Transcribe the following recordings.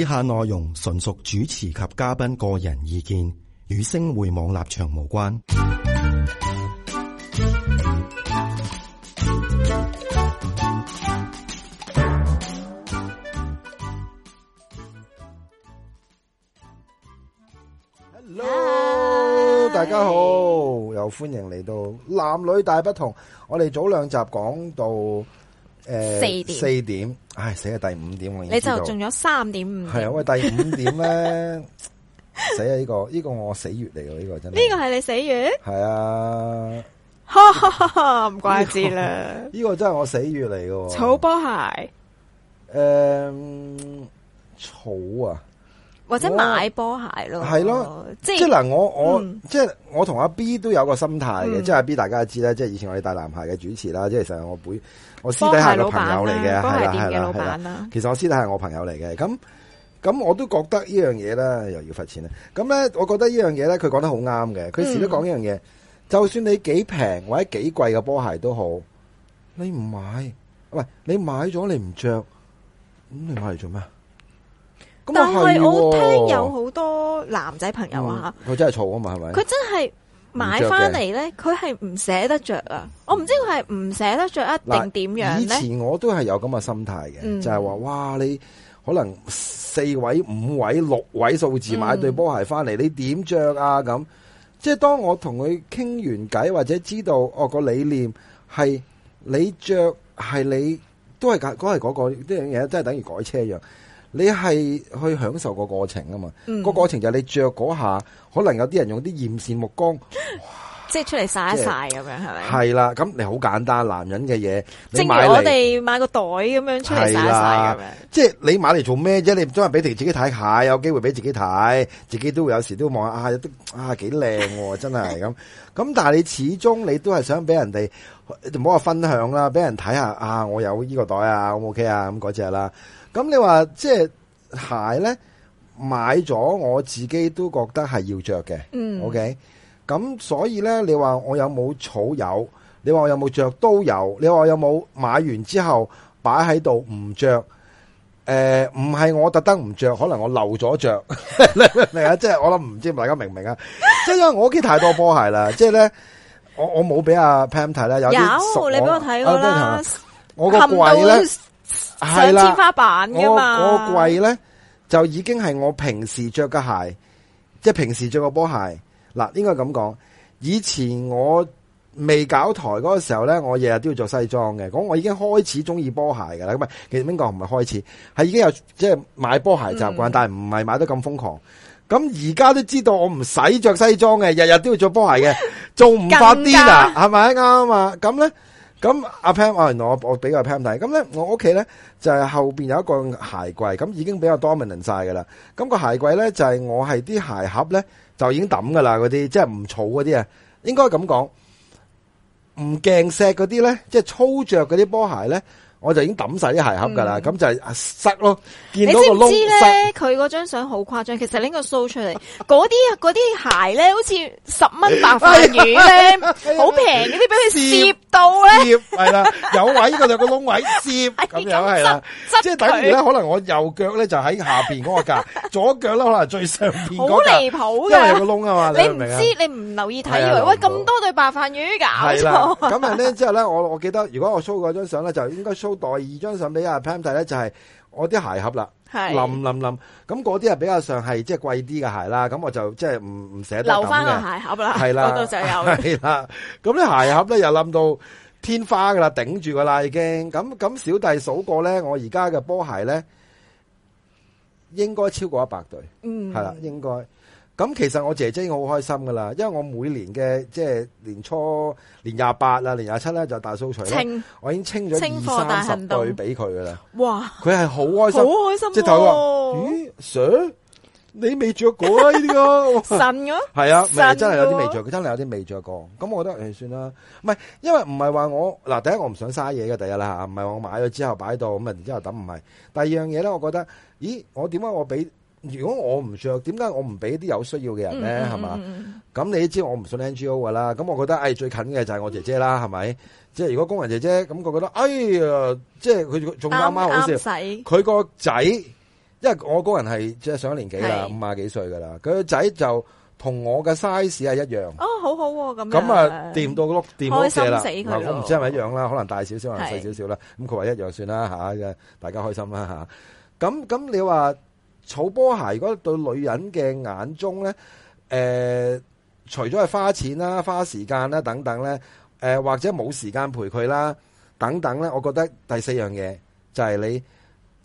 以下內容純屬主持及嘉賓個人意見，與星匯網立場無關。Hello，Hi. 大家好，又歡迎嚟到男女大不同。我哋早兩集講到。四點，四、呃、點，唉、哎，死喺第五點，我已經你就中咗三點五，係啊，喂，第五點咧， 死喺呢、這個，呢、這個我死月嚟噶呢個真的。呢個係你死月？係啊，唔 怪之啦，呢、這個這個真係我死月嚟噶。草波鞋，誒、嗯，草啊。或者買波鞋咯，係咯即、嗯，即係即嗱，我我即係我同阿 B 都有個心態嘅，嗯、即係阿 B 大家知啦，即係以前我哋大男孩嘅主持啦，即係成日我本我私底下個朋友嚟嘅，係啦係啦，其實我私底下係我朋友嚟嘅，咁咁我都覺得呢樣嘢咧，又要罰錢啦，咁咧，我覺得呢樣嘢咧，佢講得好啱嘅，佢時都講呢樣嘢，嗯、就算你幾平或者幾貴嘅波鞋都好，你唔買，喂，你買咗你唔着，咁你買嚟做咩？但係我聽有好多男仔朋友話，佢、嗯、真係嘈啊嘛，係咪？佢真係買翻嚟咧，佢係唔捨得着啊！我唔知佢係唔捨得着，一定點樣？以前我都係有咁嘅心態嘅，嗯、就係話哇，你可能四位、五位、六位數字買對波鞋翻嚟，嗯、你點着啊？咁即係當我同佢傾完偈，或者知道哦個理念係你着係你都係係嗰個呢樣嘢，即係等於改車一樣。你係去享受個過程啊嘛，個、嗯、過程就係你着嗰下，可能有啲人用啲艷羨目光，即係出嚟晒一晒咁樣，係咪是？係啦，咁你好簡單，男人嘅嘢，正如我哋買，買個袋咁樣出嚟晒晒咁樣，即係你買嚟做咩啫？你都係俾自己睇下，有機會俾自己睇，自己都會有時都望下，啊，啲、啊，啊幾靚、啊，真係咁。咁 但係你始終你都係想俾人哋，唔好話分享啦，俾人睇下啊，我有依個袋啊，O 唔 O K 啊，咁嗰隻啦。咁你話即係鞋咧買咗，我自己都覺得係要着嘅。嗯，OK。咁所以咧，你話我有冇儲？有？你話我有冇着都有？你話我有冇買完之後擺喺度唔着？誒、呃，唔係我特登唔着，可能我漏咗着。 你啊！ 即係我諗唔知大家明唔明啊？即係 因為我屋企太多波鞋啦， 即係咧，我我冇俾阿 Pam 睇咧，有，有你俾我睇啦、啊。我個櫃咧。係啦，天花板噶嘛？我個櫃咧就已經係我平時着嘅鞋，即係平時着個波鞋。嗱，應該咁講。以前我未搞台嗰個時候咧，我日日都要着西裝嘅。咁我已經開始中意波鞋噶啦。咁啊，其實邊個唔係開始，係已經有即係買波鞋習慣，嗯、但係唔係買得咁瘋狂。咁而家都知道我唔使着西裝嘅，日日都要着波鞋嘅，仲唔發癲啦？係咪啱啊？咁咧更加？咁阿 Pam 啊，原來我我比較 Pam 睇。咁咧，我屋企咧就係後邊有一個鞋櫃，咁已經比較 dominant 晒嘅啦。咁、個鞋櫃咧就係我係啲鞋盒咧就已經揼嘅啦，嗰啲即係唔儲嗰啲啊，應該咁講，唔勁錫嗰啲咧，即係粗着嗰啲波鞋咧。我就已經抌晒啲鞋盒噶啦，咁就係塞咯。見到個窿塞。你知唔知咧？佢嗰張相好誇張，其實拎個 show 出嚟。嗰啲嗰啲鞋咧，好似十蚊白飯魚咧，好平嗰啲俾佢攝到咧。係啦，有位度有個窿位攝咁樣，係啦，即係等於咧，可能我右腳咧就喺下邊嗰個格，左腳咧可能最上邊嗰個，好離譜，因為係個窿啊嘛。你唔知，你唔留意睇，以為喂，咁多對白飯魚噶。係啦，咁樣咧之後咧，我我記得如果我 show 嗰張相咧，就應該 show。第二張相俾阿 Pam 睇咧，就係我啲鞋盒啦，冧冧冧，咁嗰啲係比較上係即係貴啲嘅鞋啦，咁我就即係唔唔捨得留翻個鞋盒啦，係啦，嗰度就有啦，咁啲鞋盒咧又冧到天花噶啦，頂住噶啦已經，咁咁小弟數過咧，我而家嘅波鞋咧應該超過一百對，嗯，係啦，應該。咁其實我姐姐已經好開心噶啦，因為我每年嘅，即係年初年廿八啦，年廿七咧就大掃除啦，清我已經清咗二三十對俾佢噶啦。哇！佢係好開心，好開心，啊！即係同佢話，咦，想你未着過呢啲㗎！神係係啊，啊真係有啲未着，佢真係有啲未着過。咁我覺得、哎、算啦，唔係因為唔係話我嗱，第一我唔想嘥嘢嘅第一啦吓，唔係我買咗之後擺到咁啊，然之後等，唔係。第二樣嘢咧，我覺得咦，我點解我俾？如果我唔著，點解我唔俾啲有需要嘅人咧？係嘛？咁你都知我唔信 N G O 噶啦。咁我覺得，哎，最近嘅就係我姐姐啦，係咪？即係如果工人姐姐咁，佢覺得，哎呀，即係佢仲啱啱好笑。佢個仔，因為我工人係即係上咗年紀啦，五啊幾歲噶啦。佢個仔就同我嘅 size 係一樣。哦，好好咁。咁啊，掂到碌掂，好謝啦。開心死佢啦！我唔知係咪一樣啦，可能大少少，可能細少少啦。咁佢話一樣算啦吓，嘅大家開心啦吓。咁咁，你話？儲波鞋，如果對女人嘅眼中咧，誒、呃，除咗係花錢啦、花時間啦等等咧，誒、呃，或者冇時間陪佢啦，等等咧，我覺得第四樣嘢，就係、是、你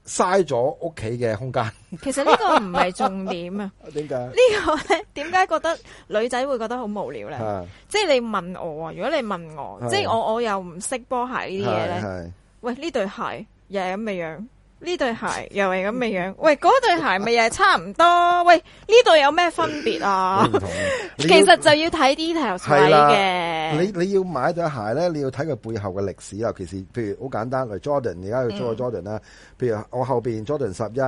嘥咗屋企嘅空間。其實呢個唔係重點啊，點解呢個咧？點解覺得女仔會覺得好無聊咧？即係的你問我啊，如果你問我，的即係我我又唔識波鞋呢啲嘢咧，喂，呢對鞋又係咁嘅樣。呢對鞋又係咁嘅樣，樣，喂，嗰對鞋咪又係差唔多？ 喂，呢度有咩分別啊？ 其實就要睇 details 嘅。的你你要買對鞋咧，你要睇佢背後嘅歷史，啊。其實譬如好簡單，嚟 Jordan，而家去追 Jordan 啊、嗯，譬如我後邊 Jordan 十一，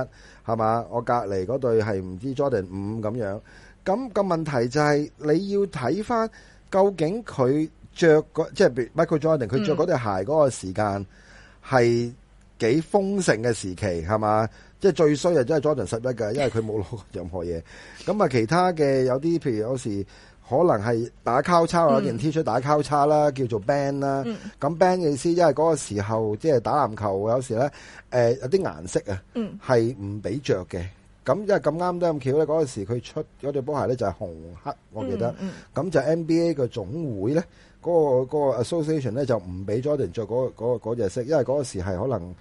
係嘛？我隔籬嗰對係唔知 Jordan 五咁樣。咁、那個問題就係、是、你要睇翻，究竟佢着嗰即係 Michael Jordan，佢着嗰對鞋嗰個時間係。嗯幾豐盛嘅時期係嘛？即係最衰啊！真係 Jordan 十一㗎，因為佢冇攞過任何嘢。咁啊，其他嘅有啲譬如有時可能係打交叉啊，嗯、有件 T 恤打交叉啦，叫做 band 啦。咁、嗯、band 嘅意思，因為嗰個時候即係、就是、打籃球有時咧，誒、呃、有啲顏色啊，係唔俾着嘅。咁因為咁啱得咁巧咧，嗰陣時佢出嗰對波鞋咧就係紅黑，我記得。咁、嗯嗯、就 NBA 嘅總會咧。嗰個嗰個 association 咧就唔俾 Jordan 著嗰嗰嗰隻色，因為嗰個時係可能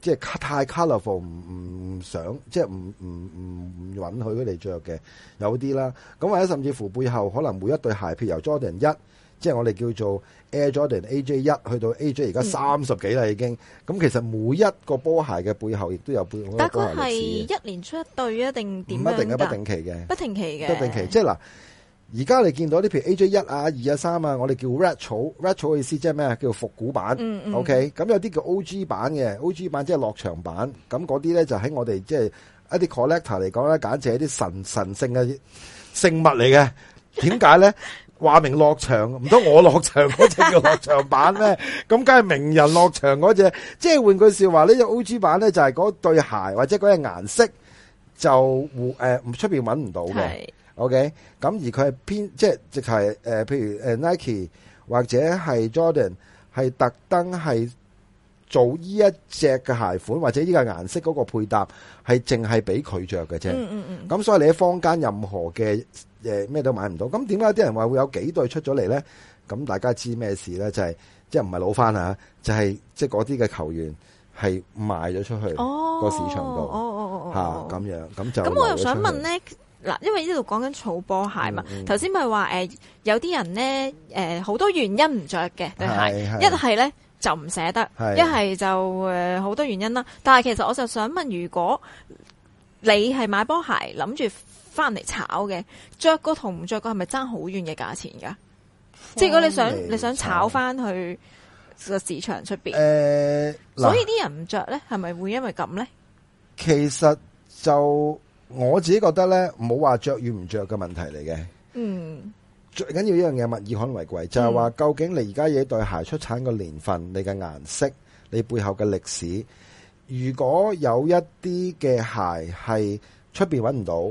即係太 colourful，唔唔想即係唔唔唔唔允許佢哋著嘅。有啲啦，咁或者甚至乎背後可能每一對鞋譬如由 Jordan 一，即係我哋叫做 Air Jordan AJ 一去到 AJ 而家三十幾啦已經。咁其實每一個波鞋嘅背後亦都有背好多歷史。但佢係一年出一對啊？定點樣得？唔一定嘅，不定期嘅，不定期嘅，不定期即係嗱。而家你見到啲譬如 A J 一啊、二啊、三啊，我哋叫 retro，retro 意思即係咩啊？叫復古版。Mm hmm. OK，咁有啲叫 O G 版嘅，O G 版即係落場版。咁嗰啲咧就喺我哋即係一啲 collector 嚟講咧，簡直係啲神神聖嘅聖物嚟嘅。點解咧？話 明落場，唔通我落場嗰隻叫落場版咩？咁梗係名人落場嗰隻。即係換句説話，呢隻 O G 版咧就係嗰對鞋或者嗰隻顏色就誒唔出面揾唔到嘅。OK，咁而佢係偏，即係即係，誒，譬如誒 Nike 或者係 Jordan，係特登係做依一隻嘅鞋款，或者依個顏色嗰個配搭，係淨係俾佢着嘅啫。嗯嗯嗯。咁所以你喺坊間任何嘅誒咩都買唔到。咁點解有啲人話會有幾對出咗嚟咧？咁大家知咩事咧？就係、是、即係唔係老翻啊？就係即係嗰啲嘅球員係賣咗出去個市場度，吓咁樣咁就。咁我又想問咧。嗱，因為呢度講緊儲波鞋嘛，頭先咪話誒，有啲人咧，誒、呃，好多原因唔着嘅對鞋，一係咧就唔捨得，一係是就誒好、呃、多原因啦。但係其實我就想問，如果你係買波鞋，諗住翻嚟炒嘅，着過同唔着過係咪爭好遠嘅價錢噶？即係如果你想，你想炒翻去個市場出邊，誒，呃、所以啲人唔着咧，係咪會因為咁咧？其實就。我自己覺得咧，唔好話着與唔着嘅問題嚟嘅。嗯，最緊要一樣嘢，物以罕為貴，就係、是、話究竟你而家嘢對鞋出產個年份，嗯、你嘅顏色，你背後嘅歷史。如果有一啲嘅鞋係出邊搵唔到，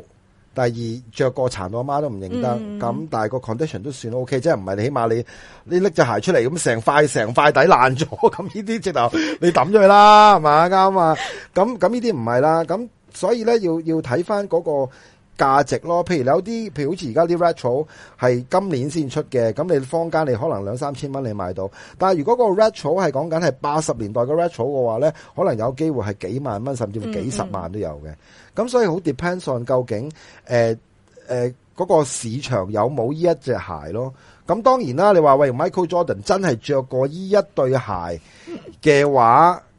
第二着過殘，到阿媽都唔認得。咁、嗯、但係個 condition 都算 O、OK, K，即係唔係你起碼你你拎隻鞋出嚟，咁成塊成塊底爛咗，咁呢啲直頭你抌咗佢啦，係嘛，啱啊？咁咁呢啲唔係啦，咁。所以咧，要要睇翻嗰個價值咯。譬如有啲，譬如好似而家啲 retro 係今年先出嘅，咁你坊間你可能兩三千蚊你買到。但係如果個 retro 係講緊係八十年代嘅 retro 嘅話咧，可能有機會係幾萬蚊，甚至乎幾十萬都有嘅。咁、嗯嗯、所以好 depends on 究竟誒誒嗰個市場有冇呢一隻鞋咯。咁當然啦，你話喂，如 Michael Jordan 真係着過依一對鞋嘅話。嗯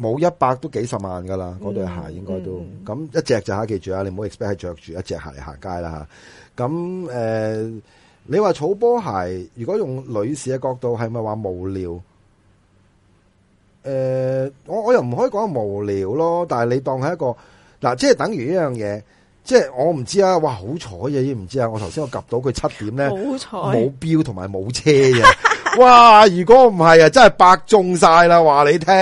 冇一百都幾十萬噶啦，嗰對鞋應該都咁、嗯嗯、一隻就下、是、記住啊，你唔好 expect 係着住一隻鞋嚟行街啦吓。咁誒、呃，你話草波鞋，如果用女士嘅角度，係咪話無聊？誒、呃，我我又唔可以講無聊咯，但係你當係一個嗱、啊，即係等於一樣嘢，即係我唔知啊。哇，好彩嘅，知唔知啊？我頭先我及到佢七點咧，好彩冇標同埋冇車嘅。哇， 如果唔係啊，真係白中晒啦，話你聽。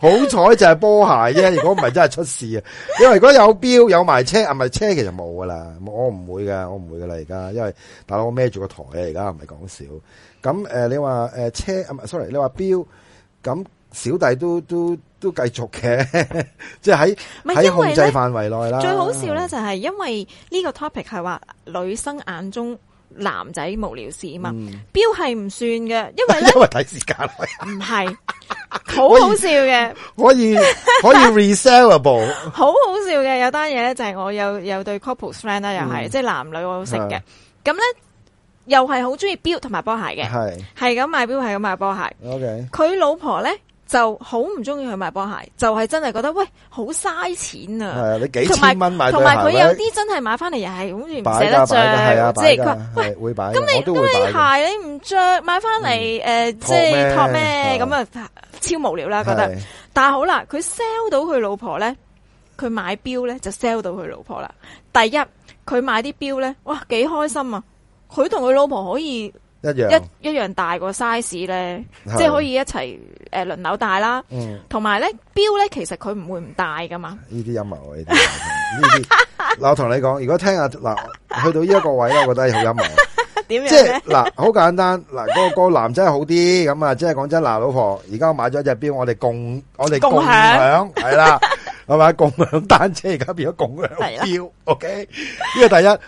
好彩就係波鞋啫，如果唔係真係出事啊！ 因為如果有表有埋車，啊咪車其實冇噶啦，我唔會噶，我唔會噶啦，而家因為大佬我孭住個台啊，而家唔係講笑。咁誒、呃，你話誒、呃、車啊、呃、sorry 你話表咁小弟都都都繼續嘅， 即係喺喺控制範圍內啦。最好笑咧就係因為呢個 topic 係話女生眼中男仔無聊事啊嘛，表係唔算嘅，因為因為睇時間，唔係。好好笑嘅，可以可以 resellable 好好笑嘅。有單嘢咧，就係我有有對 couple friend 啦，又係即係男女我都識嘅，咁咧又係好中意表同埋波鞋嘅，係係咁買表係咁買波鞋，OK，佢老婆咧就好唔中意去買波鞋，就係真係覺得喂好嘥錢啊，係啊，你幾千蚊買同埋佢有啲真係買翻嚟又係好似唔捨得着，即係佢喂咁你咁你鞋你唔着買翻嚟誒即係托咩咁啊？超無聊啦，覺得是，但係好啦，佢 sell 到佢老婆咧，佢買表咧就 sell 到佢老婆啦。第一，佢買啲表咧，哇，幾開心啊！佢同佢老婆可以一,一樣一一樣大個 size 咧，即係是可以一齊誒輪流戴啦。同埋咧，表咧其實佢唔會唔戴噶嘛。呢啲陰謀，呢啲，呢啲， 我同你講，如果聽下，嗱去到呢一個位咧，我覺得係好陰謀。樣即係是嗱，好 簡單嗱，嗰個、嗰個男仔係好啲咁啊！即係講真嗱，老婆，而家我買咗一隻表，我哋共我哋共享係啦，係咪共享單車而家變咗共享表了，OK？呢個第一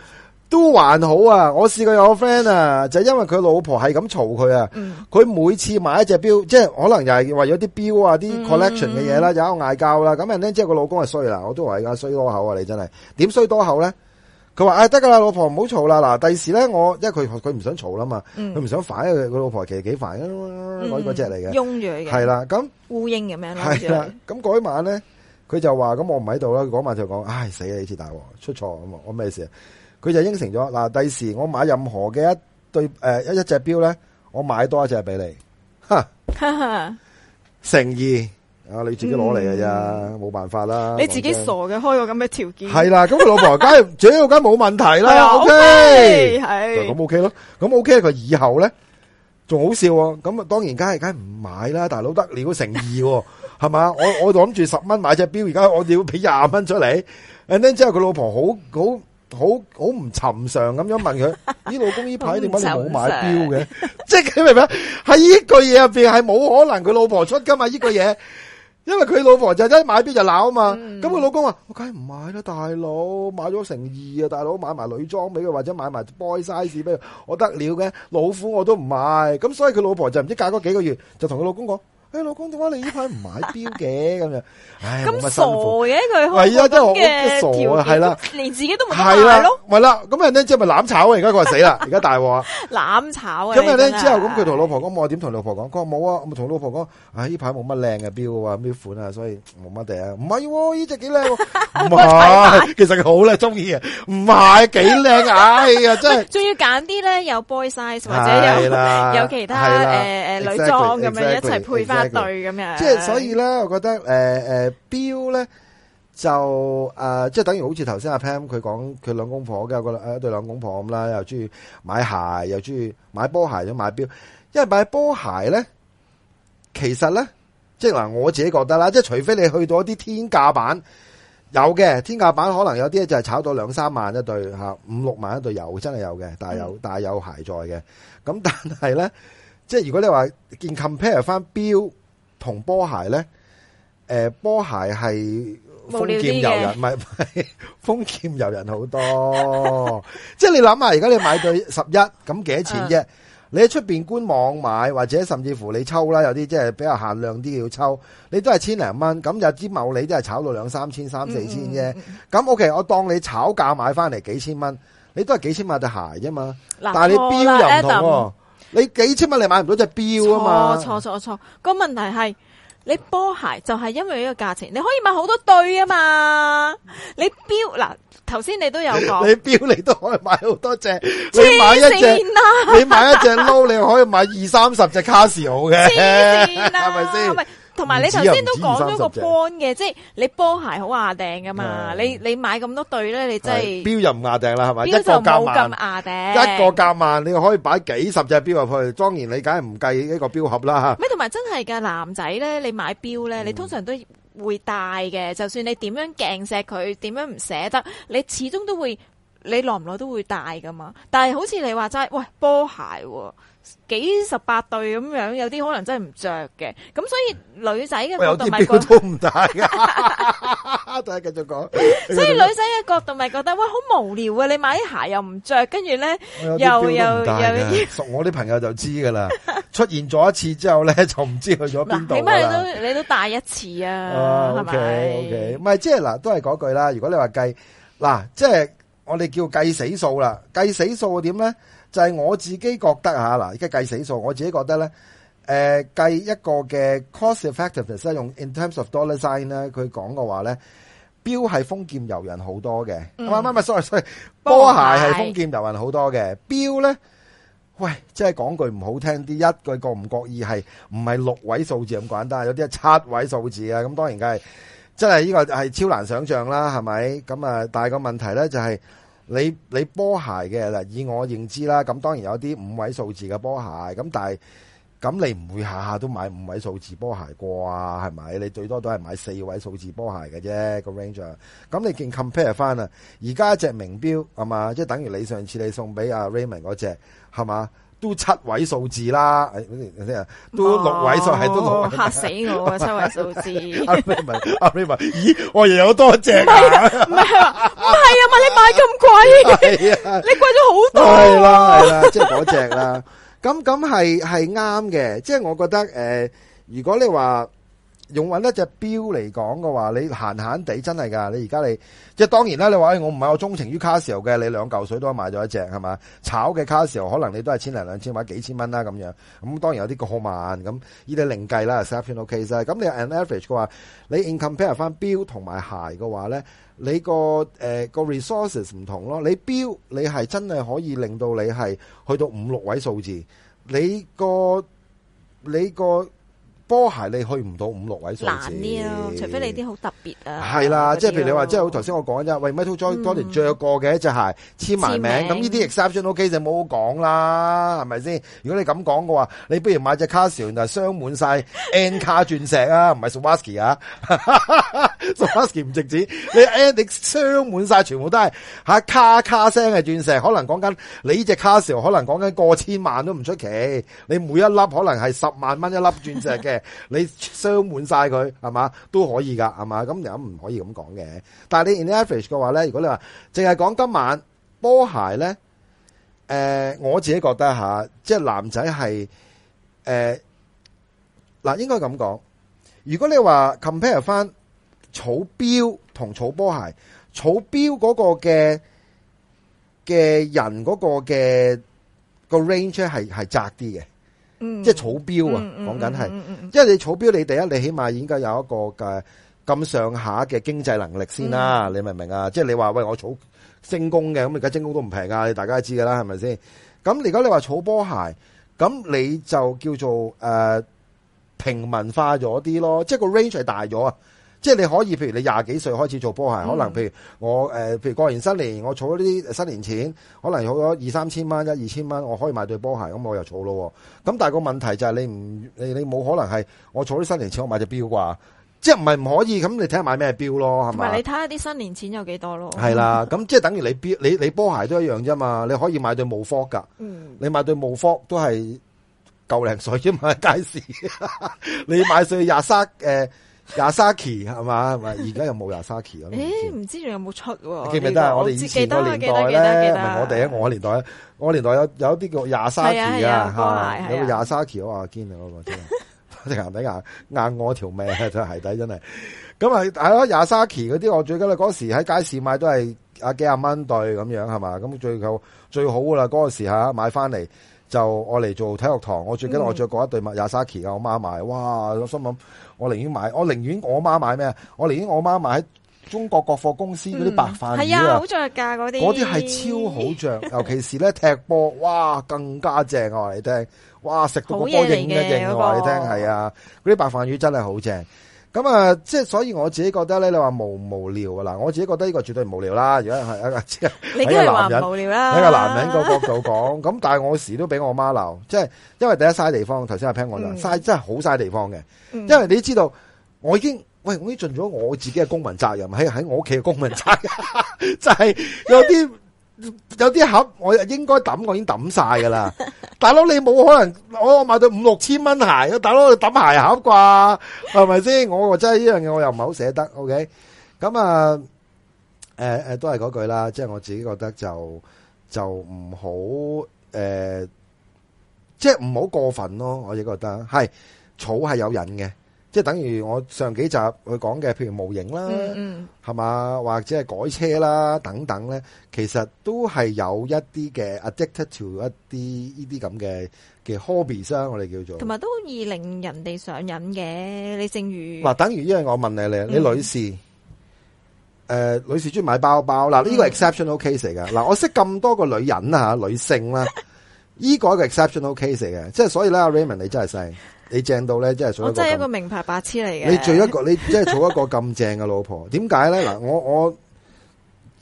都還好啊，我試過有個 friend 啊，就是、因為佢老婆係咁嘈佢啊，佢、嗯、每次買一隻表，即係可能又係為咗啲表啊、啲 collection 嘅嘢啦、啊，就嗌交啦。咁、嗯、人咧，即係個老公係衰啦，我都話而家衰多口啊！你真係點衰多口咧？佢話，唉，得噶啦，老婆唔好嘈啦。嗱，第時咧我，因為佢佢唔想嘈啦嘛，佢唔想反，佢佢老婆其實幾煩嘅，嗰嗰隻嚟嘅，擁着嘅係啦。咁烏蠅咁樣咯，係啦。咁嗰晚咧，佢就話，咁我唔喺度啦。佢嗰晚就講，唉死啦！呢次大鑊出錯咁啊，我咩事啊？佢就應承咗。嗱，第時我買任何嘅一對誒一一隻表咧，我買多一隻俾你，哈誠意。啊！你自己攞嚟嘅啫，冇辦法啦。你自己傻嘅，開個咁嘅條件。係啦，咁佢老婆梗係，主要梗冇問題啦。O K，係咁 O K 咯。咁 O K，佢以後咧仲好笑喎。咁啊，當然梗係梗唔買啦。大佬得你好誠意喎，係嘛？我我諗住十蚊買隻表，而家我哋要俾廿蚊出嚟。誒，之後佢老婆好好好好唔尋常咁樣問佢：，咦，老公呢排你解冇買表嘅？即係你明唔明？喺呢句嘢入邊係冇可能佢老婆出噶嘛？呢句嘢。因為佢老婆就一買邊就鬧啊嘛，咁佢、嗯、老公話：我梗係唔買啦，大佬買咗成二啊，大佬買埋女裝俾佢，或者買埋 boy size 俾佢，我得了嘅，老虎我都唔買。咁所以佢老婆就唔知隔咗幾個月，就同佢老公講。誒，老公點解你依排唔買表嘅咁樣？咁傻嘅佢係啊，真係我真係傻啊，係啦，連自己都唔係啦，係啦，咁人咧即係咪攬炒啊？而家佢話死啦，而家大鑊啊！攬炒啊！咁人咧之後咁，佢同老婆講，我點同老婆講？我話冇啊，我咪同老婆講，啊依排冇乜靚嘅表啊，咩款啊，所以冇乜地啊。唔係喎，依隻幾靚，唔係，其實好啦，中意啊，唔係幾靚，哎呀，真係，仲要揀啲咧有 boy size 或者有有其他誒誒女裝咁樣一齊配翻。對咁樣，即係所以咧，我覺得誒誒，錶、呃、咧、呃、就誒、呃，即係等於好似頭先阿 Pam 佢講佢兩公婆嘅，我覺得一對兩公婆咁啦，又中意買鞋，又中意買波鞋，仲買錶。因為買波鞋咧，其實咧，即係嗱我自己覺得啦，即係除非你去到一啲天價版，有嘅天價版可能有啲咧就係炒到兩三萬一對吓，五六萬一對有真係有嘅，但係有、嗯、但係有鞋在嘅，咁但係咧。即係如果你話見 compare 翻錶同波鞋咧，誒、呃，波鞋係豐儉由人，唔係唔係豐儉由人好多。 即係你諗下，而家你買對十一咁幾多錢啫？嗯、你喺出邊官網買，或者甚至乎你抽啦，有啲即係比較限量啲要抽，你都係千零蚊。咁有支茂利都係炒到兩三千、三四千啫。咁 O K，我當你炒價買翻嚟幾千蚊，你都係幾千蚊對鞋啫嘛。但係你錶又唔同、哦。你幾千蚊你買唔到隻錶啊嘛錯？錯錯錯錯，錯錯錯錯。那個問題係你波鞋就係因為呢個價錢，你可以買好多對啊嘛。你錶嗱，頭先你都有講，你錶你都可以買好多隻，啊，你買一隻，你買一隻勞，你可以買二三十隻 Casio 嘅，黐線啊，係係咪先？是同埋你頭先都講咗個 point 嘅，即係你波鞋好亞定㗎嘛？嗯、你你買咁多對呢，你真係標又唔亞定啦，係咪？標就冇咁亞定。一個夾萬，一個夾萬，你可以擺幾十隻標入去。然當然你梗係唔計呢個標盒啦嚇。同埋真係嘅男仔呢，你買標呢，你通常都會戴嘅。就算你點樣鏡錫佢，點樣唔捨得，你始終都會你耐唔耐都會戴㗎嘛。但係好似你話齋，喂波鞋、啊。喎。幾十八對咁樣，有啲可能真係唔着嘅，咁所以女仔嘅角度咪覺得唔大。得繼 續講。所以女仔嘅角度咪覺得，喂， 好無聊啊！你買啲鞋又唔着，跟住咧又又又，又熟，我啲朋友就知噶啦。 出現咗一次之後咧，就唔知去咗邊度啦。起碼你都你都戴一次啊，係咪？啊、吧？OK OK，唔係即係嗱，都係嗰句啦。如果你話計嗱，即係。我哋叫計死數啦，計死數點咧？就係、是、我自己覺得吓，嗱，而家計死數，我自己覺得咧，誒、呃，計一個嘅 cost effectiveness 用 in terms of dollar sign 咧，佢講嘅話咧，錶係豐儉由人好多嘅，唔係唔係，sorry sorry，波鞋係豐儉由人好多嘅，錶咧，喂，即係講句唔好聽啲，一句覺唔覺意？係唔係六位數字咁簡單？有啲係七位數字啊，咁當然梗係、就是。真係呢個係超難想象啦，係咪？咁啊，但係個問題呢、就係，就係你你波鞋嘅嗱，以我認知啦，咁當然有啲五位數字嘅波鞋，咁但係咁你唔會下下都買五位數字波鞋啩？係咪？你最多都係買四位數字波鞋嘅啫，個 range。咁你見 compare 翻啊，而家一隻名錶係嘛，即係等於你上次你送俾阿 Raymond 嗰隻係嘛？都七位數字啦，誒，都六位數係、哦、都六嚇死我啊！ 七位數字，阿咪，阿咪，咦，我又有多隻，唔係啊，唔係啊，唔係啊，嘛、啊、你買咁貴， 啊、你貴咗好多、啊，係啦係啦，即係嗰隻啦，咁咁係係啱嘅，即係、就是、我覺得誒、呃，如果你話。用揾一隻表嚟講嘅話，你閒閒地真係噶。你而家你即係當然啦。你話我唔係我鍾情於卡 a l 嘅，你兩嚿水都買咗一隻係嘛？炒嘅卡 a l 可能你都係千零兩千買幾千蚊啦咁樣。咁當然有啲個好慢咁，依啲另計啦。Seven OK 啫。咁你有 an average 嘅話，你 i n compare 翻表同埋鞋嘅話咧，你、呃、個 resources 唔同咯。你表你係真係可以令到你係去到五六位數字。你個你個。波鞋你去唔到五六位數字，難啲啊，除非你啲好特別啊，係啦，即係譬如你話，即係頭先我講啫。喂，Michael Jordan 着過嘅一隻鞋，簽埋名，咁呢啲 exception O K 就冇好講啦，係咪先？如果你咁講嘅話，你不如買隻 Casio 就鑲滿曬 N 卡鑽石啊，唔係 Swarovski 啊 Swarovski 唔值錢，你 n l e x 鑲滿曬全部都係嚇咔咔聲嘅鑽石，可能講緊你呢隻 Casio 可能講緊過千萬都唔出奇，你每一粒可能係十萬蚊一粒鑽石嘅。你收滿晒佢，係咪都可以噶係咪咁又唔可以咁講嘅。但係你 in the average 嘅話咧，如果你話淨係講今晚波鞋咧，誒、呃，我自己覺得吓，即係男仔係誒，嗱、呃，應該咁講。如果你話 compare 翻儲錶同儲波鞋，儲錶嗰個嘅嘅人嗰個嘅個 range 係係窄啲嘅。嗯、即係草標啊，講緊係，嗯嗯嗯、因為你草標，你第一你起碼應該有一個嘅咁、啊、上下嘅經濟能力先啦、啊，你明唔明啊？即係你話喂，我草精工嘅，咁而家精工都唔平噶，你大家都知噶啦，係咪先？咁而家你話草波鞋，咁你就叫做誒、呃、平民化咗啲咯，即係個 range 係大咗啊。即係你可以，譬如你廿幾歲開始做波鞋，可能譬如我誒、呃，譬如過完新年，我儲咗啲新年錢，可能儲咗二三千蚊、一二千蚊，我可以買對波鞋，咁我又儲咯。咁但係個問題就係你唔你你冇可能係我儲啲新年錢，我買隻錶啩？即係唔係唔可以？咁你睇下買咩錶咯，係咪你睇下啲新年錢有幾多咯？係啦，咁即係等於你你你波鞋都一樣啫嘛，你可以買對冇噶嗯、你買對冇都係夠靚水噶嘛？街市 你買對廿三誒？呃 亞沙奇係嘛？而家又冇亞沙奇咯。咦、欸，唔知仲有冇出？記唔記得，記得我哋以前年代咧？唔係我哋喺我年代，我年代有有啲個亞沙奇的啊，啊啊有亞沙奇我阿堅啊嗰個、啊、真係，隻眼比眼硬我條命，對鞋底真係。咁啊係咯，亞 沙奇嗰啲我最緊要嗰時喺街市買都係啊幾廿蚊對咁樣係嘛，咁最夠最好噶啦嗰個時吓買翻嚟就我嚟做體育堂，我最緊我着過一對襪亞沙奇啊，我媽買。哇，我心諗。我寧願買，我寧願我媽買咩啊？我寧願我媽買喺中國國貨公司嗰啲白飯魚啊，好著噶嗰啲，嗰啲係超好著， 尤其是咧踢波，哇，更加正啊！話你聽，哇，食到個波勁嘅勁啊！話你聽係啊，嗰啲、嗰個、白飯魚真係好正。咁啊，即係、嗯、所以我自己覺得咧，你話無唔無聊啊嗱，我自己覺得呢個係絕對無聊啦。如果係一個即係喺個男人無聊啦，喺個男人個角度講，咁但係我時都俾我媽鬧，即係因為第一嘥地方，頭先阿聽我啦，嘥真係好嘥地方嘅。因為你知道，我已經喂，我已經盡咗我自己嘅公民責任，喺喺我屋企嘅公民責任， 就係有啲。有啲盒我應該抌，我已經抌晒噶啦， 大佬你冇可能我買對五六千蚊鞋，大佬你抌鞋盒啩，係咪先？我真係呢樣嘢我又唔係好捨得，OK？咁啊，誒、呃、誒、呃呃，都係嗰句啦，即、就、係、是、我自己覺得就就唔好誒，即係唔好過分咯，我亦覺得係草係有癮嘅。即係等於我上幾集佢講嘅，譬如模型啦，係嘛？嗯嗯，或者係改車啦等等咧，其實都係有一啲嘅 addicted to 一啲呢啲咁嘅嘅 hobbies 啦，我哋叫做，同埋都好易令人哋上癮嘅。你正如，嗱，等於因為我問你你你女士，誒、嗯呃，女士中意買包包嗱，呢、這個 exceptional case 嚟噶，嗱、嗯，我識咁多個女人 啊女性啦，這個一個個 exceptional case 嚟嘅，即係所以咧，Raymond 你真係犀。你正到咧，即係做一個。我真係一個名牌白痴嚟嘅。你做一個，你即係做一個咁正嘅老婆，點解咧？嗱，我我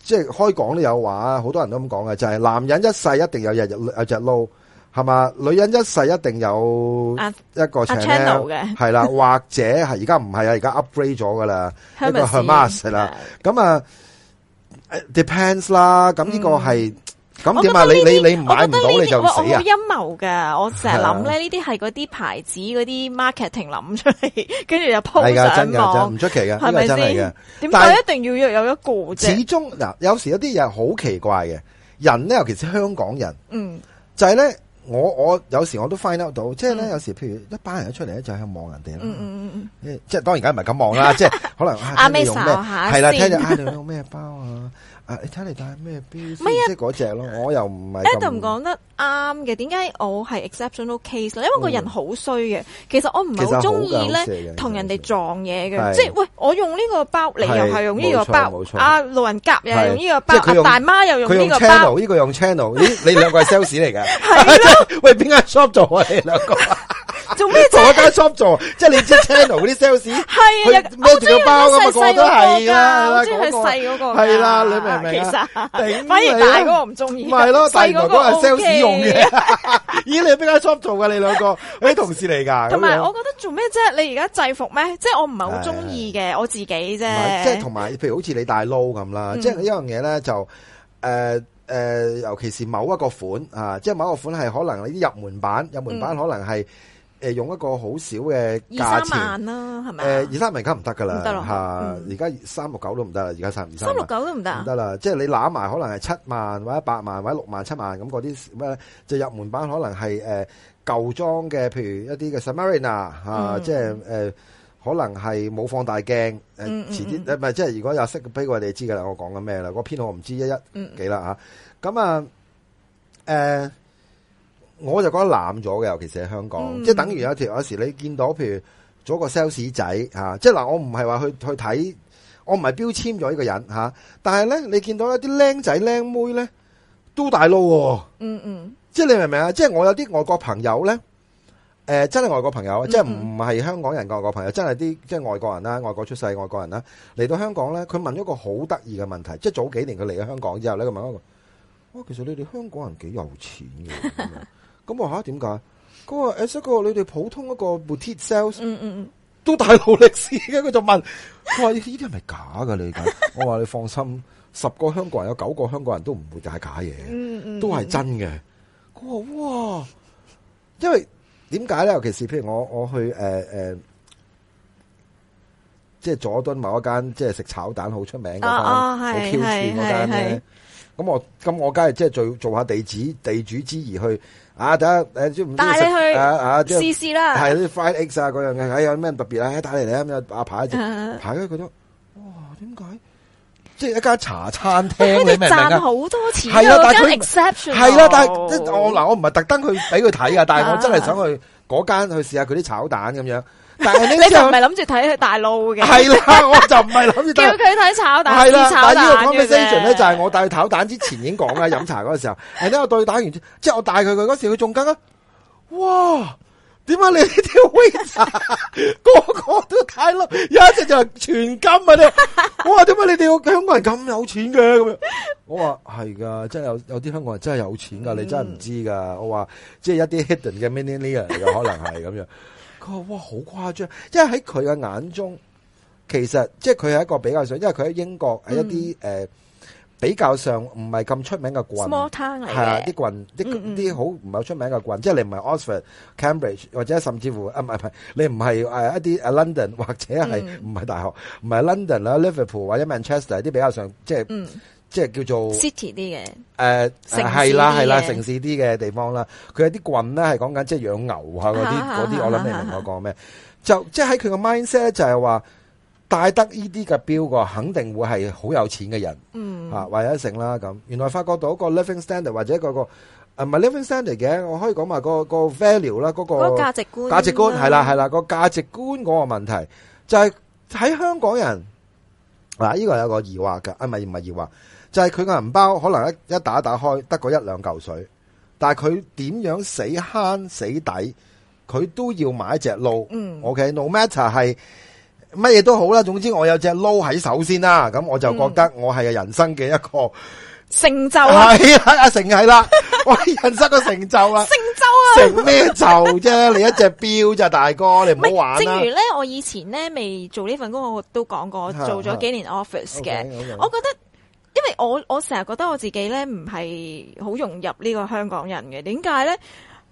即係開講都有話啊，好多人都咁講嘅，就係男人一世一定有日日有隻撈，係嘛？女人一世一定有一個 Chanel 嘅，係啦，或者係而家唔係啊，而家 upgrade 咗噶啦，一個 Hermes 啦，咁啊 depends 啦，咁呢個係。咁點解？你你你買唔到你就死人。陰謀噶，我成日諗咧，呢啲係嗰啲牌子嗰啲 marketing 諗出嚟，跟住又鋪上網。係啊，真㗎，就唔出奇嘅，呢個真係嘅。點解一定要約有一個啫？始終嗱，有時有啲嘢好奇怪嘅人咧，尤其是香港人。嗯，就係咧，我我有時我都 find out 到，即係咧，有時譬如一班人一出嚟咧，就係望人哋啦。嗯嗯嗯嗯，即係當然梗係唔係咁望啦，即係可能阿咩嘢嚇，係啦，聽日阿廖咩包啊？啊！你睇你戴咩錶？唔係啊，嗰隻咯，我又唔係。Adam 講得啱嘅，點解我係 exceptional case 咧？因為個人好衰嘅，其實我唔係好中意咧同人哋撞嘢嘅。即係喂，我用呢個包，你又係用呢個包。阿路人甲又係用呢個包，阿大媽又用呢個包。呢個用 channel，咦？你兩個係 sales 嚟㗎？係咯，喂，邊間 shop 做啊？你兩個？做咩做一間 shop 做？即係你即 channel 嗰啲 sales，係啊，攞住個包噶嘛，都係啦，中意細嗰個，係啦，你明唔明其實反而大嗰個唔中意，唔係咯，大嗰個 sales 用嘅。咦，你邊間 shop 做嘅？你兩個啲同事嚟㗎？同埋我覺得做咩啫？你而家制服咩？即係我唔係好中意嘅我自己啫。即係同埋，譬如好似你大褸咁啦，即係呢樣嘢咧就誒誒，尤其是某一個款啊，即係某一個款係可能你啲入門版，入門版可能係。誒，用一個好少嘅價錢啦，係咪誒，二三名卡唔得噶啦，得咯吓！而家三、嗯、三六九都唔得啦，而家三五三六九都唔得，唔得啦！即係你揦埋可能係七萬或者八萬或者六萬七萬咁嗰啲咩咧？就入門版可能係誒舊裝嘅，譬如一啲嘅 Submariner 吓、啊，嗯、即係誒、呃、可能係冇放大鏡誒，遲啲誒唔係即係如果有識嘅，俾我哋知噶啦，我講緊咩啦？個編號我唔知一一幾啦吓，咁、嗯嗯、啊誒。呃我就覺得濫咗嘅，尤其是喺香港，嗯、即係等於有條有時你見到，譬如做個 sales 仔吓，即係嗱，我唔係話去去睇，我唔係標籤咗呢個人吓、啊，但係咧你見到一啲靚仔靚妹咧都大佬喎、哦，嗯嗯，即係你明唔明啊？即係我有啲外國朋友咧，誒、呃，真係外國朋友，嗯嗯即係唔係香港人嘅外國朋友，真係啲即係外國人啦，外國出世外國人啦，嚟到香港咧，佢問咗個好得意嘅問題，即係早幾年佢嚟咗香港之後咧，佢問咗個哇，其實你哋香港人幾有錢嘅。 咁我吓點解？嗰個誒，一個、欸、你哋普通一個 boutique sales，嗯嗯嗯，都大勞力士嘅。佢就問，佢話呢啲係咪假噶？你， 我話你放心，十個香港人有九個香港人都唔會帶假嘢，嗯嗯都係真嘅。佢話、嗯嗯、哇，因為點解咧？尤其是譬如我我去誒誒、呃呃，即係佐敦某一間即係食炒蛋好出名嘅、哦，哦好挑戰係，咁我咁我梗係即係做做下地址地主之誼去。啊！等下誒，即唔帶你去啊啊！試試啦，係啲 Fine X 啊，嗰樣嘅，誒有咩特別啊？誒，帶嚟嚟啊！咩啊？阿排只排嗰啲咁，哇！點解即係一間茶餐廳？你賺好多錢係啊！但係佢 exception 係啦，但係我嗱，我唔係特登去俾佢睇啊！但係我真係想去嗰間去試下佢啲炒蛋咁樣。但你就唔係諗住睇佢大撈嘅，係啦，我就唔係諗住叫佢睇炒蛋。係啦的，蛋但呢個 conversation 咧， 就係我帶佢炒蛋之前已經講啊，飲 茶嗰個時候，誒，等我對佢打完，即係我帶佢佢嗰時，佢仲金啊！哇，點解你呢條 w i n 個個個都睇咯？有一隻就係全金啊！你，我話點解你哋香港人咁有錢嘅？咁樣，我話係噶，真係有有啲香港人真係有錢噶，你真係唔知噶。嗯、我話即係一啲 hidden 嘅 millionaire 有可能係咁樣。 佢話：哇，好誇張！因為喺佢嘅眼中，其實即係佢係一個比較上，因為佢喺英國係一啲、嗯呃、比較上唔係咁出名嘅郡，係啊啲郡啲啲好唔係出名嘅郡，即係你唔係 Oxford、Cambridge，或者甚至乎啊，唔係唔係你唔係一啲、啊、London 或者係唔係大學，唔係 London 啦、啊、Liverpool 或者 Manchester 啲比較上即係。嗯即係叫做 city 啲的嘅，誒係啦係啦，城市啲嘅的的地方啦。佢有啲郡咧，係講緊即係養牛啊嗰啲嗰啲。啊、些我諗你明我講咩？就即、是、係喺佢個 mindset 就係話戴得呢啲嘅標個，肯定會係好有錢嘅人，吓、嗯啊、或者成啦咁。原來發覺到一個 living standard 或者、那個個誒、啊、唔係 living standard 嘅，我可以講埋、那個、那個 value 啦、那個，嗰個價值、啊、值觀，價、那個、值觀係啦係啦個價值觀嗰個問題，就係、是、喺香港人嗱呢個有個疑惑嘅，係咪？啊唔唔係疑惑。就係佢個銀包可能一打一打打開得嗰一兩嚿水，但係佢點樣死慳死抵，佢都要買隻撈、嗯。嗯，OK，No、okay? Matter 係乜嘢都好啦，總之我有隻撈喺手先啦，咁我就覺得我係人生嘅一個成就。係啊、嗯，阿成係啦，我人生嘅成就啊。成就啊，成咩就啫、啊？你一隻表咋，大哥，你唔好話。正如咧，我以前咧未做呢份工，我都講過，做咗幾年 office 嘅， okay, okay. 我覺得。因為我我成日覺得我自己咧唔係好融入呢個香港人嘅，點解咧？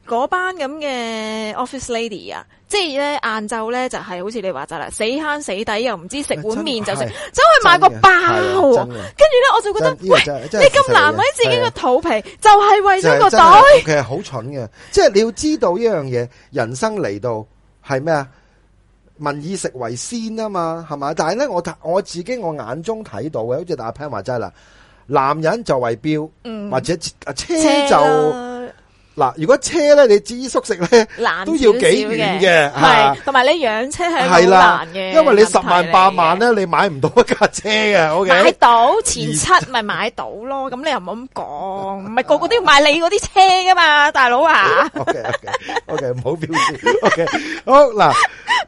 嗰班咁嘅 office lady 啊，即係咧晏晝咧就係、是、好似你話齋啦，死慳死抵又唔知食碗麵就食，走、欸、去買個包，跟住咧我就覺得、這個、喂，你咁難為自己個肚皮，就係為咗個袋，其實好蠢嘅，即係你要知道一樣嘢，人生嚟到係咩啊？民以食為先啊嘛，係咪？但係咧，我睇我自己，我眼中睇到嘅，好似大 Pan 話齋啦，男人就為表，嗯、或者車就。車嗱，如果車咧，你知宿食咧，都要幾遠嘅，係同埋你養車係好難嘅，因為你十萬八萬咧，你買唔到一架車嘅，O K 買到前七咪買到咯，咁你又唔好咁講，唔係個個都要買你嗰啲車噶嘛，大佬啊，O K O K，唔好標示。O K，好嗱，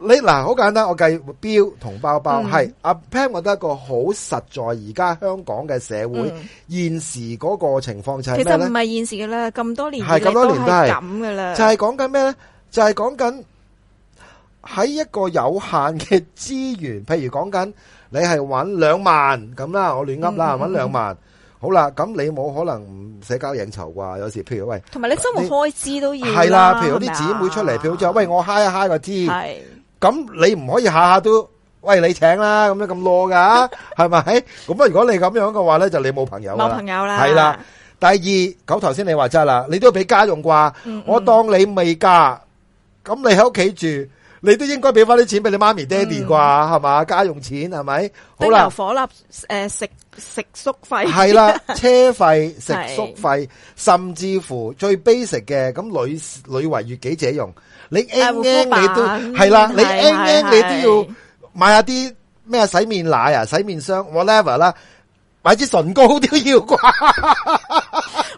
你嗱好簡單，我計標同包包係阿 Pam 覺得，一個好實在，而家香港嘅社會現時嗰個情況就係其實唔係現時嘅啦，咁多年係咁。當年都係咁噶啦，就係講緊咩咧？就係講緊喺一個有限嘅資源，譬如講緊你係搵兩萬咁啦，我亂噏啦，搵兩萬好啦。咁你冇可能唔社交應酬啩？有時譬如喂，同埋你生活開支都要係啦。譬如有啲姊妹出嚟，譬如好似喂我 high 一 high 個添，係咁你唔可以下下都喂你請啦，咁樣咁攞噶係咪？咁不如果你咁樣嘅話咧，就你冇朋友啦，冇朋友啦，係啦。第二，九頭先你話齋啦，你都要俾家用啩？我當你未嫁，咁、嗯嗯、你喺屋企住，你都應該俾翻啲錢俾你媽咪爹哋啩？係嘛、嗯嗯？家用錢係咪？好啦，火粒誒、呃、食食宿費係啦，車費、食宿費，甚至乎最 basic 嘅，咁女女為悅己者用，你 M N 你都係啦，你 M N 你都要買下啲咩洗面奶啊、洗面霜 whatever 啦。買支唇膏都要啩，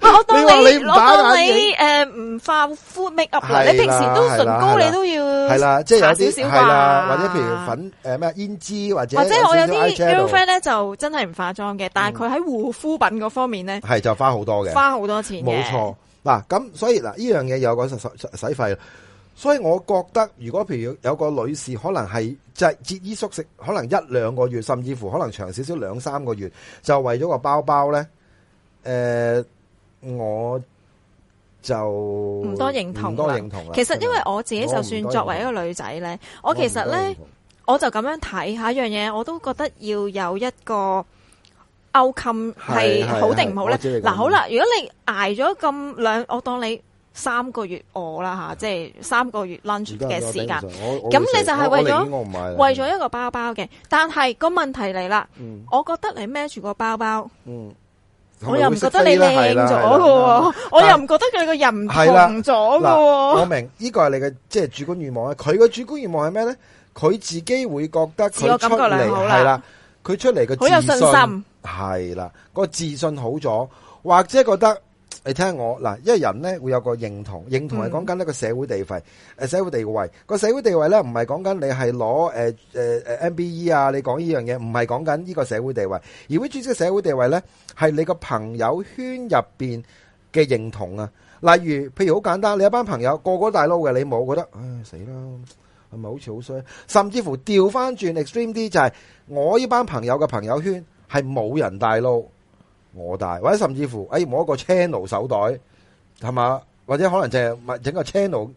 喂！我當你你攞到你誒唔、呃、化膚 make up，的你平時都唇膏你都要係啦，即係有少少啊，或者譬如粉誒咩、呃、胭脂或者或者有些 我有啲 girlfriend 咧就真係唔化妝嘅，但係佢喺護膚品嗰方面咧係、嗯、就花好多嘅，花好多錢冇錯嗱，咁所以嗱呢樣嘢有個使使使費。所以，我覺得如果譬如有個女士，可能係就節衣縮食，可能一兩個月，甚至乎可能長少少兩三個月，就為咗個包包呢，誒、呃，我就唔多認同，唔多認同。其實因為我自己，就算作為一個女仔呢，我，我其實呢，我，我就咁樣睇下一樣嘢，我都覺得要有一個 outcome 係好定唔好呢？嗱，好啦，如果你捱咗咁兩，我當你。三個月我啦吓，即係三個月 lunch 嘅時間。咁你，你就係為咗為咗一個包包嘅，但係個問題嚟啦。嗯、我覺得你孭住個包包，嗯、我又唔覺得你靚咗喎，我又唔覺得佢個人唔同咗喎。我明呢、這個係你嘅即係主觀願望啊。佢嘅主觀願望係咩咧？佢自己會覺得自我感覺良好係啦，佢出嚟嘅自信，好有信心。係啦，個自信好咗，或者覺得。你聽下我嗱，因為人咧會有個認同，認同係講緊一個社會地位，誒、嗯，社會地位個社會地位咧唔係講緊你係攞誒誒誒 M B E 啊，你講呢樣嘢唔係講緊呢個社會地位，而會注釋社會地位咧係你個朋友圈入邊嘅認同啊，例如譬如好簡單，你一班朋友個個都大撈嘅，你冇覺得唉死啦，係咪好似好衰？甚至乎調翻轉 extreme 啲就係、是、我呢班朋友嘅朋友圈係冇人大撈。我戴，或者甚至乎，誒、哎，我一個 channel 手袋，係嘛？或者可能淨係整個 channel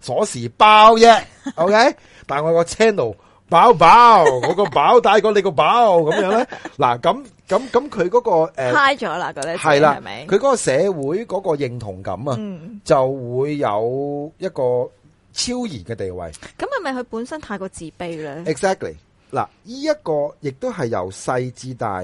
鎖匙包啫？OK， 但係我頻道包包 個 channel 包包，我個包大過你個包，那個包，咁樣咧？嗱，咁咁咁，佢嗰個誒，high 咗啦，覺得係啦，係咪？佢嗰個社會嗰個認同感啊，嗯、就會有一個超然嘅地位。咁係咪佢本身太過自卑咧？Exactly，嗱，呢一、這個亦都係由細至大。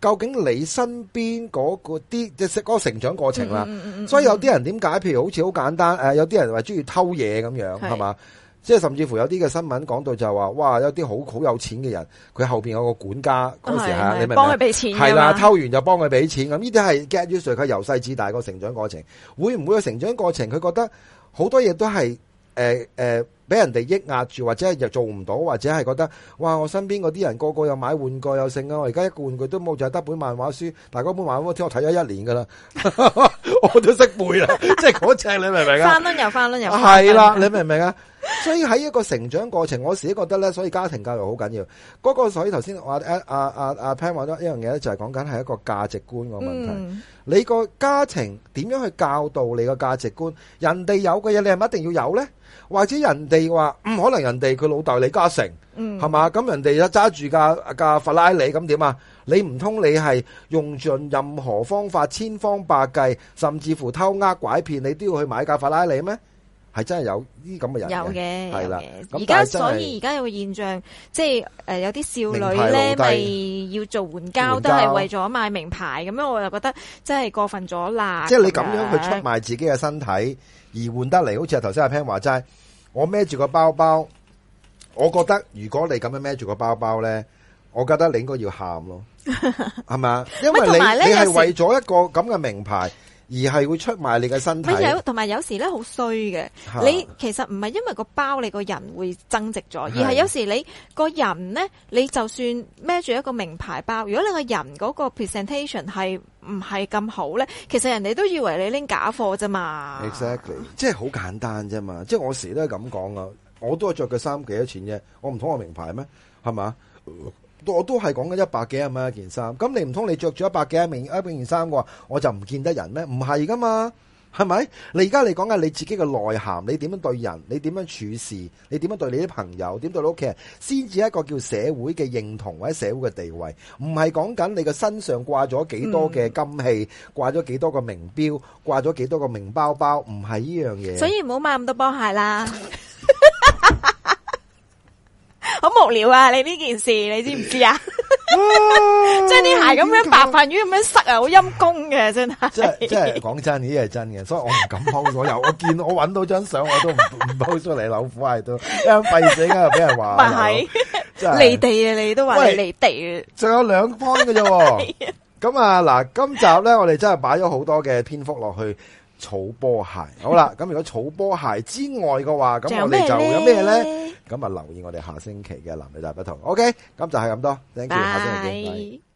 究竟你身邊嗰個啲即係嗰個成長過程啦，嗯嗯嗯、所以有啲人點解？譬如好似好簡單誒，有啲人話中意偷嘢咁樣，係嘛是？即係甚至乎有啲嘅新聞講到就話，哇！有啲好好有錢嘅人，佢後邊有個管家嗰的時候的你明唔明，幫佢俾錢係啦，偷完就幫佢俾錢咁，呢啲係 get 住佢由細至大，個成長過程，會唔會個成長過程佢覺得好多嘢都係誒誒？呃呃俾人哋抑壓住，或者又做唔到，或者係覺得哇，我身邊嗰啲人個個又買玩具又剩，啊我而家一個玩具都冇，就係得本漫畫書。但係嗰本漫畫我聽我睇咗一年噶啦，我都識背啦，即係嗰隻你明唔明？啊翻輪又翻輪又係啦，你明唔明？啊，所以喺一個成長過程我自己覺得咧，所以家庭教育好緊要嗰個，所以頭先我誒阿阿阿潘話咗一樣嘢咧，就係講緊係一個價值觀個問題，你個家庭點樣去教導你個價值觀，人哋有嘅嘢你係咪一定要有咧？或者人哋？你話唔可能人哋佢老豆李嘉誠，係嘛、嗯？咁人哋一揸住架架法拉利，咁點啊？你唔通你係用盡任何方法、千方百計，甚至乎偷呃拐騙，你都要去買架法拉利咩？係真係有呢咁嘅人有，有嘅係啦。而家的在所以而家有個現象，即係誒有啲少女咧，咪要做援交，膠都係為咗買名牌咁樣，我就覺得真係過分咗啦。即係你咁樣去出賣自己嘅身體，啊、而換得嚟，好似阿頭先阿 pan 話齋。我孭住個包包，我覺得如果你咁樣孭住個包包咧，我覺得你應該要喊咯，係咪啊？ 因為你你係為咗一個咁嘅名牌。而係會出賣你嘅身體，同埋有，有，有時咧好衰嘅。是的 你其實唔係因為個包你個人會增值咗，是的 而係有時你個人咧，你就算孭住一個名牌包，如果你個人嗰個 presentation 係唔係咁好咧，其實人哋都以為你拎假貨啫嘛。Exactly，即係好簡單啫嘛。即係我時都係咁講啊，我都係着嘅衫幾多錢啫，我唔通我名牌咩？係嘛？我都係講緊一百幾萬蚊一件衫，咁你唔通你着住一百幾名一百件衫嘅話，我就唔見得人咩？唔係噶嘛，係咪？你而家你講緊你自己嘅內涵，你點樣對人，你點樣處事，你點樣對你啲朋友，點對你屋企人，先至一個叫社會嘅認同或者社會嘅地位，唔係講緊你嘅身上掛咗幾多嘅金器，掛咗幾多個名錶，掛咗幾多個名包包，唔係呢樣嘢。所以唔好買咁多波鞋啦。 好無聊啊！你呢件事你知唔知啊？即係啲鞋咁樣白飯魚咁樣塞啊，好陰功嘅真係。即係即係講真，呢啲係真嘅，所以我唔敢拋所有。我見我搵到張相，我都唔唔拋出嚟。老虎係都一費死，跟住俾人話。唔係，即係離地啊！你都話係離地。仲有兩方㗎啫。咁啊嗱，今集咧，我哋真係擺咗好多嘅篇幅落去。儲波鞋，好啦，咁如果儲波鞋之外嘅話，咁 我哋就有咩咧？咁啊， 就留意我哋下星期嘅男女大不同。OK，咁就係咁多，thank you，Bye. 下星期見。Bye.